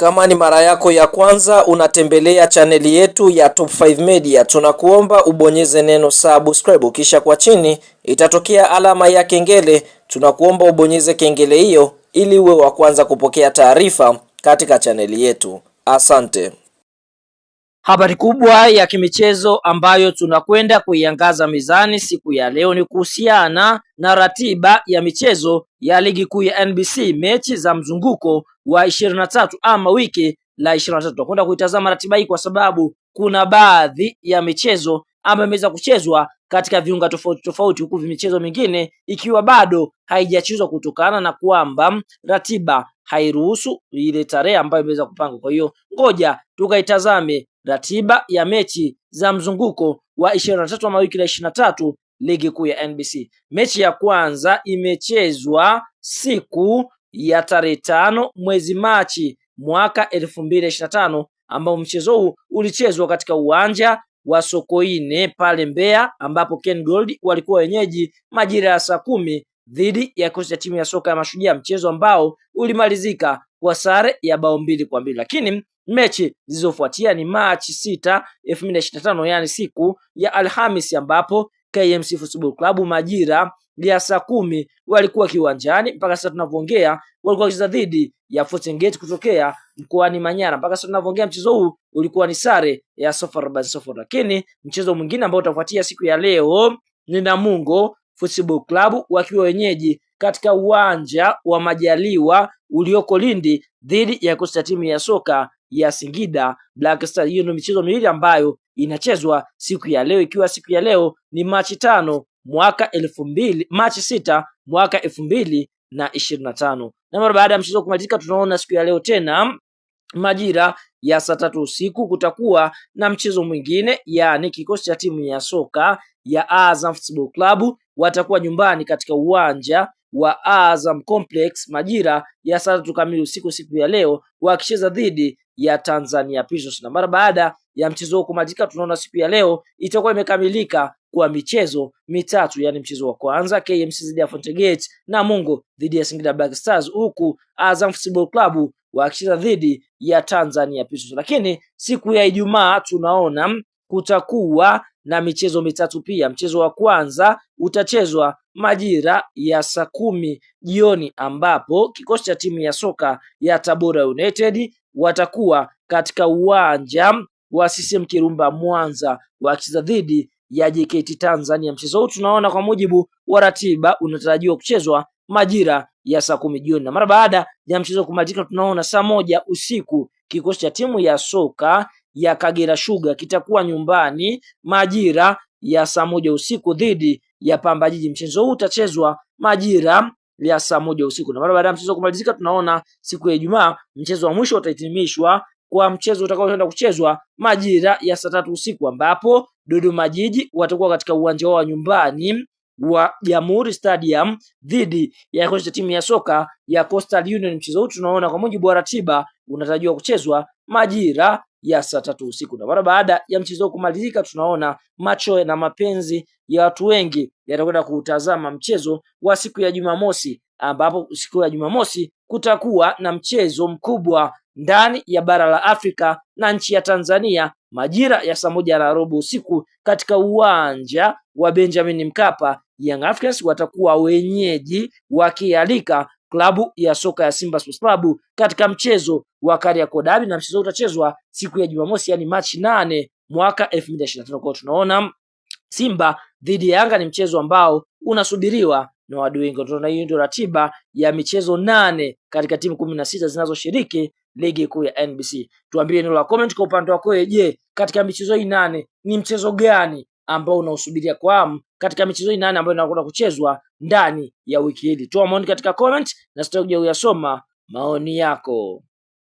Kama ni mara yako ya kwanza unatembelea chaneli yetu ya Top 5 Media, tunakuomba ubonyeze neno subscribe, kisha kwa chini itatokea alama ya kengele. Tunakuomba ubonyeze kengele hiyo ili uwe wa kwanza kupokea taarifa katika chaneli yetu. Asante. Habari kubwa ya kimichezo ambayo tunakwenda kuiangaza mezani siku ya leo ni kuhusiana na ratiba ya michezo ya ligi kuu ya NBC, mechi za mzunguko wa ishirini na tatu ama wiki la ishirini na tatu. Tunakwenda kuitazama ratiba hii kwa sababu kuna baadhi ya michezo ambayo imeweza kuchezwa katika viunga tofauti tofauti, huku michezo mingine ikiwa bado haijachezwa kutokana na kwamba ratiba hairuhusu ile tarehe ambayo imeweza kupangwa. Kwa hiyo ngoja tukaitazame ratiba ya mechi za mzunguko wa 23 wa mawiki la ishirini na tatu ligi kuu ya NBC. Mechi ya kwanza imechezwa siku ya tarehe tano mwezi Machi mwaka elfu ambao mchezo huu ulichezwa katika uwanja wa Sokoine pale Mbeya, ambapo Ken Gold walikuwa wenyeji majira ya saa kumi dhidi ya kikosi cha timu ya soka ya Mashujaa, mchezo ambao ulimalizika kwa sare ya bao mbili kwa mbili. Lakini mechi zilizofuatia ni Machi sita elfu mbili na ishirini na tano yaani siku ya Alhamisi ambapo KMC Football Club majira ya saa kumi walikuwa kiwanjani mpaka sasa tunavyoongea, walikuwa wakicheza dhidi ya Fountain kutokea mkoani Manyara. Mpaka sasa tunavyoongea, mchezo huu ulikuwa ni sare ya sofa, kwa sifuri, lakini mchezo mwingine ambao utafuatia siku ya leo ni Namungo Football Club wakiwa wenyeji katika uwanja wa Majaliwa ulioko Lindi dhidi ya kosta timu ya soka ya Singida Black Star. Hiyo ndio michezo miwili ambayo inachezwa siku ya leo, ikiwa siku ya leo ni Machi tano mwaka elfu mbili Machi sita mwaka elfu mbili na ishirini na tano na mara baada ya mchezo kumalizika, tunaona siku ya leo tena majira ya saa tatu usiku kutakuwa na mchezo mwingine, yaani kikosi cha timu ya soka ya Azam Football Club watakuwa nyumbani katika uwanja wa Azam Complex majira ya saa tatu kamili usiku siku ya leo wakicheza dhidi ya Tanzania Prisons. Na mara baada ya mchezo huo kumalizika, tunaona siku ya leo itakuwa imekamilika kwa michezo mitatu, yaani mchezo wa kwanza KMC dhidi ya Fountain na Mungo dhidi ya Singida Black Stars, huku Azam Football Club wakicheza dhidi ya Tanzania Prisons. Lakini siku ya Ijumaa tunaona kutakuwa na michezo mitatu pia. Mchezo wa kwanza utachezwa majira ya saa kumi jioni ambapo kikosi cha timu ya soka ya Tabora United watakuwa katika uwanja wa CCM Kirumba Mwanza wakicheza dhidi ya JKT Tanzania. Mchezo huu tunaona kwa mujibu wa ratiba unatarajiwa kuchezwa majira ya saa kumi jioni, na mara baada ya mchezo kumalizika, tunaona saa moja usiku kikosi cha timu ya soka ya Kagera Sugar kitakuwa nyumbani majira ya saa moja usiku dhidi ya Pamba Jiji. Mchezo huu utachezwa majira ya saa moja usiku, na mara baada ya mchezo kumalizika, tunaona siku ya Ijumaa mchezo wa mwisho utahitimishwa kwa mchezo utakaoenda kuchezwa majira ya saa tatu usiku ambapo Dodoma Jiji watakuwa katika uwanja wao wa nyumbani wa Jamhuri Stadium dhidi ya kucheza timu ya soka ya Coastal Union. Mchezo huu tunaona kwa mujibu wa ratiba unatarajiwa kuchezwa majira ya saa tatu usiku. Na mara baada ya mchezo kumalizika, tunaona macho na mapenzi ya watu wengi yatakwenda kuutazama mchezo wa siku ya Jumamosi, ambapo siku ya Jumamosi kutakuwa na mchezo mkubwa ndani ya bara la Afrika na nchi ya Tanzania majira ya saa moja na robo usiku katika uwanja wa Benjamin Mkapa. Young Africans watakuwa wenyeji wakialika klabu ya soka ya Simba Sports Club katika mchezo wa Kariakoo Derby, na mchezo utachezwa siku ya Jumamosi, yani Machi nane mwaka 2025. Kwa tunaona Simba dhidi ya Yanga ni mchezo ambao unasubiriwa na wadau wengi. Tunaona hiyo ndio ratiba ya michezo nane katika timu kumi na sita zinazoshiriki ligi kuu ya NBC. Tuambie neno la comment kwa upande wako. Je, katika michezo hii nane ni mchezo gani ambao unaosubiria kwa hamu katika michezo hii nane ambayo inakwenda kuchezwa ndani ya wiki hili. Toa maoni katika comment na sitakuja kuyasoma maoni yako.